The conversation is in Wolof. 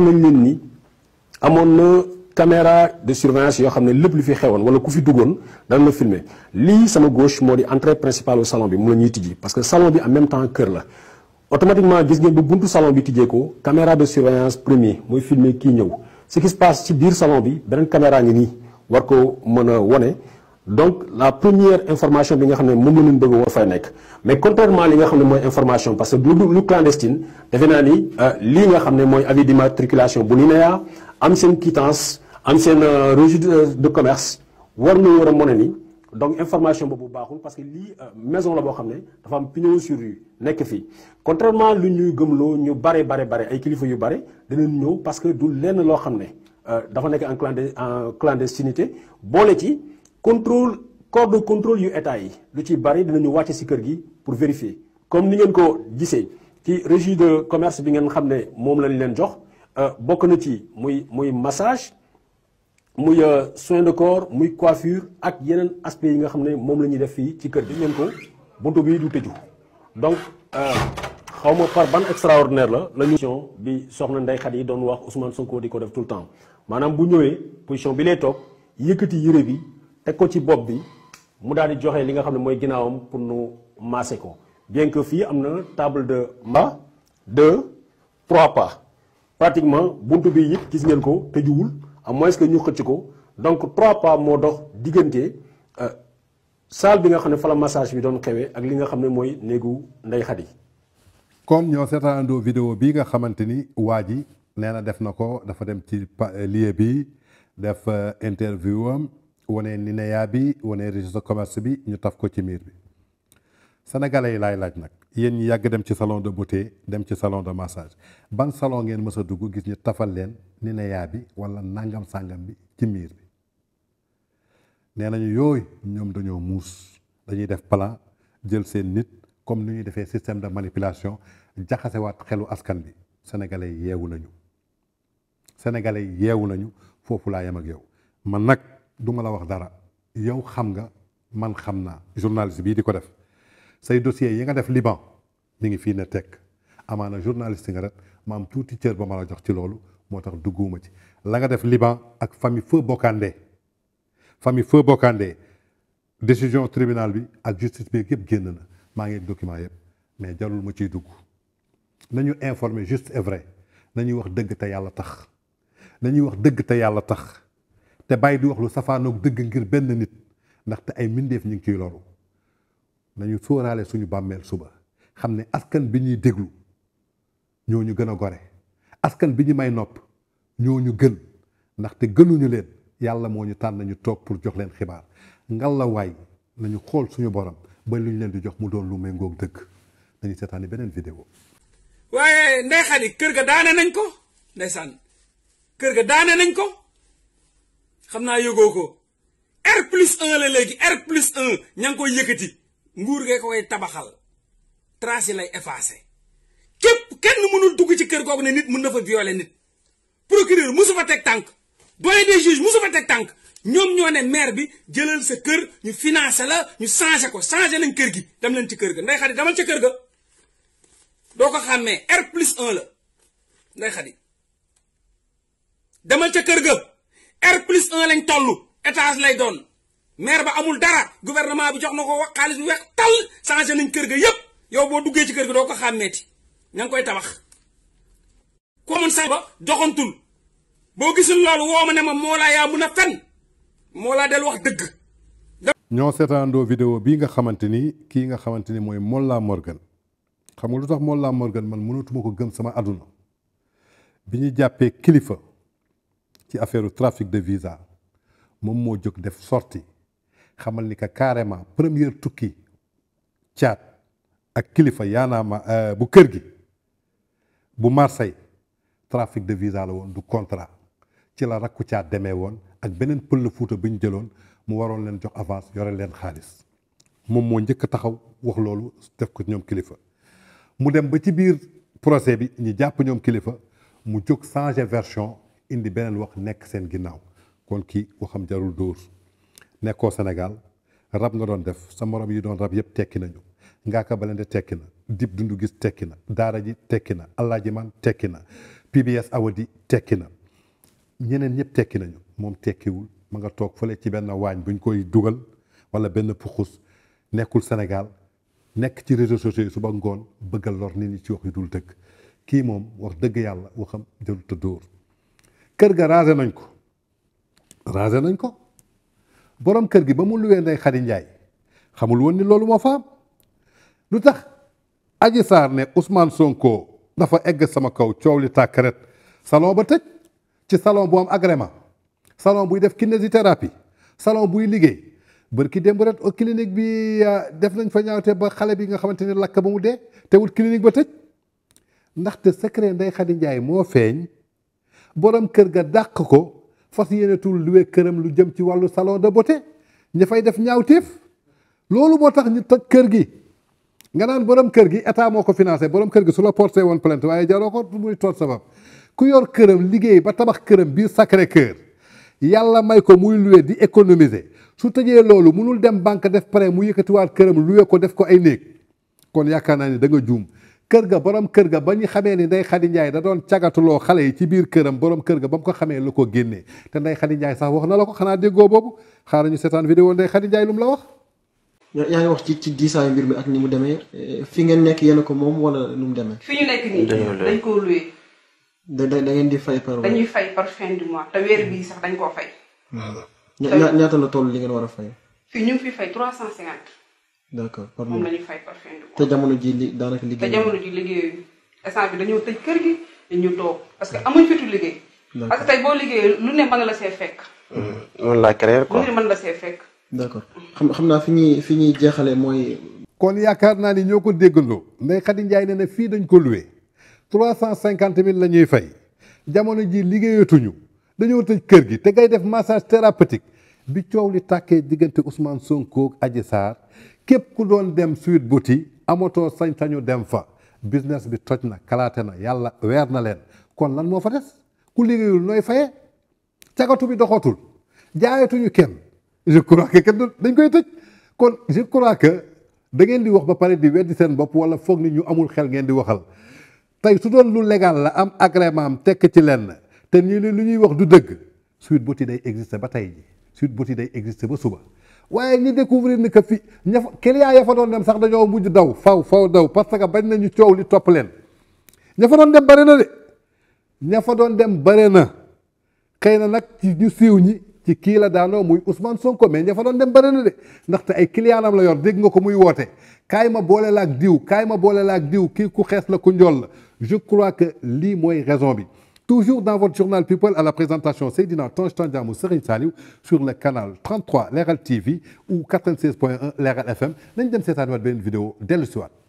nañ leen ni amoon na caméra de surveillance yoo xam ne lépp lu fi xewoon wala ku fi duggoon dana la filmer lii sama gauche moo di entrée principale au salon bi mu la ñuy tijji parce que salon bi en même temps kër la automatiquement gis ngeen bu buntu salon bi tijjee ko caméra de surveillance premier mooy filmer kii ñëw ce qui se passe ci biir salon bi beneen caméra ngi nii war ko mën a wone donc la première information bi nga xam ne moom la ñu bëgg war fay nekk mais contrairement li nga xam ne mooy information parce que lu lu clandestine defe naa ni euh, lii nga xam ne mooy avis bu bu l'INEA am seen quittance am seen euh, registre de commerce war na war a mone a ni donc information boobu baaxul parce que lii euh, maison la boo xam ne dafa am pignon sur rue nekk fii contrairement lu ñuy loo ñu bare bare bare ay kilifa yu bare danañ ñëw parce que du lenn loo xam ne dafa nekk en clandestinité boole ci. contrôle corps de contrôle yu état yi lu ci bari dina ñu wàcc si kër gi pour vérifier comme ni ngeen ko gisee ci régie de commerce bi ngeen xam ne moom lañ leen jox euh, bokk na ci muy muy massage muy euh, soin de corps muy coiffure ak yeneen aspects yi nga xam ne moom la ñuy def fii ci kër gi ngeen ko buntu bi du tëju donc euh, xaw ma par ban extraordinaire la la mission bi soxna Ndeye xat yi doon wax Ousmane Sonko di ko def tout le temps maanaam bu ñëwee position bi lay toog yëkkati yére bi. teg ko ci bopp bi mu daal di joxe li nga xam ne mooy ginnaawam pour nu maase ko bien que fii am na table de ma deux trois pas pratiquement buntu bi it gis ngeen ko tëjuwul à moins que ñu xëcc ko donc trois pas moo dox diggante euh, salle bi nga xam ne fala massage bi doon xewee ak li nga xam ne mooy néegu Ndey Xadi kon ñoo seetaandoo vidéo bii nga xamante ni waa ji nee na def na ko dafa dem ci lieu bi def euh, interview wane linéa bi wane registre de commerce bi ñu taf ko ci miir bi sénégalais yi laay laaj nag yéen ñu yàgg dem ci salon de beauté dem ci salon de massage ban salon ngeen mës a dugg gis ñu tafal leen ninea bi walla nangam sàngam bi ci miir bi nee nañu yooyu ñoom dañoo muus dañuy def plan jël seen nit comme ni ñuy defee système de manipulation jaxasewaat xelu askan bi sénégalais yeewu nañu sénégalais yeewu nañu foofu laa yem ak yow man nag. duma la wax dara yow xam nga man xam naa journaliste bii di ko def say dossier yi nga def Liban mi ngi fii ne tekk amaana journaliste nga rek ma am tuuti cër ba ma la jox ci loolu moo tax dugguma ci la nga def Liban ak famille Feu Bocandé famille Feu Bocandé décision tribunal bi ak justice bi yëpp génn na maa ngi document yëpp mais jarul ma ciy dugg nañu informer juste et vrai nañuy wax dëgg te yàlla tax nañuy wax dëgg te yàlla tax te bàyyi di wax lu safaanoog dëgg ngir benn nit ndaxte ay mbindeef ñu ngi ciy loru nañu sóoraale suñu bàmmeel suba xam ne askan bi ñuy déglu ñoo ñu gën a gore askan bi ñu may nopp ñoo ñu gën ndaxte gënuñu leen yàlla moo ñu tànn nañu toog pour jox leen xibaar ngallaawaay nañu xool suñu borom ba lu ñu leen di jox mu doon lu méngoog dëgg dañu seetaani beneen vidéo waaye ndey xadi kër ga daane nañ ko ndeysaan kër ga daane nañ ko. xam naa yëgoo ko R plus 1 la léegi R plus 1 ña ngi koy yëkkati nguur gee ko koy tabaxal traces yi lay effacé képp kenn mënul dugg ci kër googu ne nit mën na fa violer nit procureur musu fa teg tànk doyen des juges musu fa teg tànk ñoom ñoo ne maire bi jëlal sa kër ñu financé la ñu changé ko changé nañ kër gi dem leen ci kër ga nday damal ca kër ga doo ko xàmmee R plus 1 la nday xadi damal ca kër ga R plus 1 lañ toll étage lay doon maire ba amul dara gouvernement bi jox na ko xaalis bu weex tal changé nañ kër ga yépp yow boo duggee ci kër ga doo ko xàmmeeti ña ngi koy tabax. ku amoon sañ ba doxantul boo gisul loolu woo ma ne ma Mollah yaa mun a fen Mollah del wax dëgg. ñoo seetaandoo vidéo bii nga xamante ni kii nga xamante ni mooy Mollah Morgan xam nga lu tax Mollah Morgan man mënatuma ko gëm sama àdduna bi ñu jàppee kilifa. ci affaire trafic de visa moom moo jóg def sorti xamal ni que carrément première tukki caat ak kilifa yaanaama euh, bu kër gi bu Marseille trafic de visa la woon du contrat ci la rakku caat demee woon ak beneen pël Fuuta bi ñu jëloon mu waroon leen jox avance yore leen xaalis moom moo njëkk taxaw wax loolu def ko ñoom kilifa mu dem ba ci biir procès bi ñu jàpp ñoom kilifa mu jóg changer version indi beneen wax nekk seen ginnaaw kon kii waxam jarul dóor nekkoo Sénégal rab nga doon def sa morom yi doon rab yëpp tekki nañu Ngaaka Blindé tekki na Dip Doundou gis tekki na Daara ji tekki na Alaaji Man tekki na PBS Awadi tekki na ñeneen ñëpp tekki nañu moom tekkiwul ma nga toog fële ci benn waañ buñ koy dugal wala benn puxus nekkul Sénégal nekk ci réseau sociaux yi ba ngoon bëgga lor nit ñi ci wax yu dul dëgg kii moom wax dëgg yàlla waxam jarul te dóor kër ga raser nañ ko raser nañ ko borom kër gi ba mu luwee Ndeye Khady Ndiaye xamul woon ni loolu moo fa lu tax Adji Sarr ne Ousmane Sonko dafa egg sama kaw coow li tàkkaret salon ba tëj ci salon bu am agrément salon buy def kinésithérapie salon buy liggéey bërki démb ret au clinique bi euh, def nañ fa ñaawte ba xale bi nga xamante ni lakk ba mu dee te wut clinique ba tëj ndaxte secret Ndeye Khady Ndiaye moo feeñ borom kër ga dàq ko fas yéenetul luwe këram lu jëm ci wàllu saloo de beauté ña fay def ñaawteef loolu boo tax ñu toj kër gi nga naan borom kër gi état moo ko financé borom kër gi su la porté woon plainte waaye jaroo ko muy toot sabab ku yor këram liggéey ba tabax këram bii Sacré Cœur yàlla may ko muy luwe di économiser su tëjee loolu munul dem banque def pare mu yëkkatiwaat këram luwe ko def ko ay néeg kon yaakaar naa ni da nga juum kër ga borom kër ga ba ñu xamee ni Ndeye Khady Ndiaye da doon cagatuloo xale yi ci biir këram boroom kër ga ba mu ko xamee la ko génnee te Ndeye Khady Ndiaye sax wax na la ko xanaa déggoo boobu xaaral ñu seetaan vidéo Ndeye Khady Ndiaye lu mu la wax. yaa ngi wax ci ci diisaayu mbir mi ak ni mu demee fi ngeen nekk yéen ko moom wala nu mu demee. fi ñu nekk nii dañ koo loué. da da ngeen di fay par. dañuy fay par fin du mois te weer bii sax dañ koo fay. ñaata la toll li ngeen war a fay. fii ñu d' accord par moom par te jamono ji li daanaka liggéey. te jamono ji liggéey instant bi dañoo tëj kër gi parce que amuñ fitu liggéey. parce que tey fekk. ne mën hmm, xam naa fi ñuy fi ñuy jeexalee mooy. kon yaakaar naa ni ñoo ko déggandoo Ndeye Khady Ndiaye ne ne fii dañ ko loué trois cent cinquante mille la ñuy fay jamono ji liggéeyatuñu dañoo kër gi te ngay def massage thérapeutique bi coow li takkee diggante Ousmane Sonko ak Adji képp ku doon dem Sweet Beauty amatoo sañ-sañu dem fa business bi toj na kalaate na yàlla weer na leen kon lan moo fa des ku liggéeyul nooy faye cagatu bi doxatul jaayatuñu kenn je crois kenn dañ koy tëj kon je crois que da ngeen di wax ba pare di weddi seen bopp wala foog ni ñu amul xel ngeen di waxal tey su doon lu legal la am agrément am tekk ci lenn te ñu ne lu ñuy wax du dëgg Sweet Beauty day exister ba tey ji Sweet Beauty day exister ba suba waaye ñu découvrir ni que fi ña fa client ya fa doon dem sax dañoo mujj daw faw faw daw parce que bañ nañu coow li topp leen ña fa doon dem bare na de ña fa doon dem bare na xëy na nag ci ñu siiw ñi ci kii la daanoo muy Ousmane Sonko mais ña fa doon dem bare na de ndaxte ay client am la yor dégg nga ko muy woote kaay ma boole la ak diw kaay ma boole la ak diw kii ku xees la ku njool la je crois que lii mooy raison bi. Toujours dans votre journal People à la nañ dem seetaan waat dellu si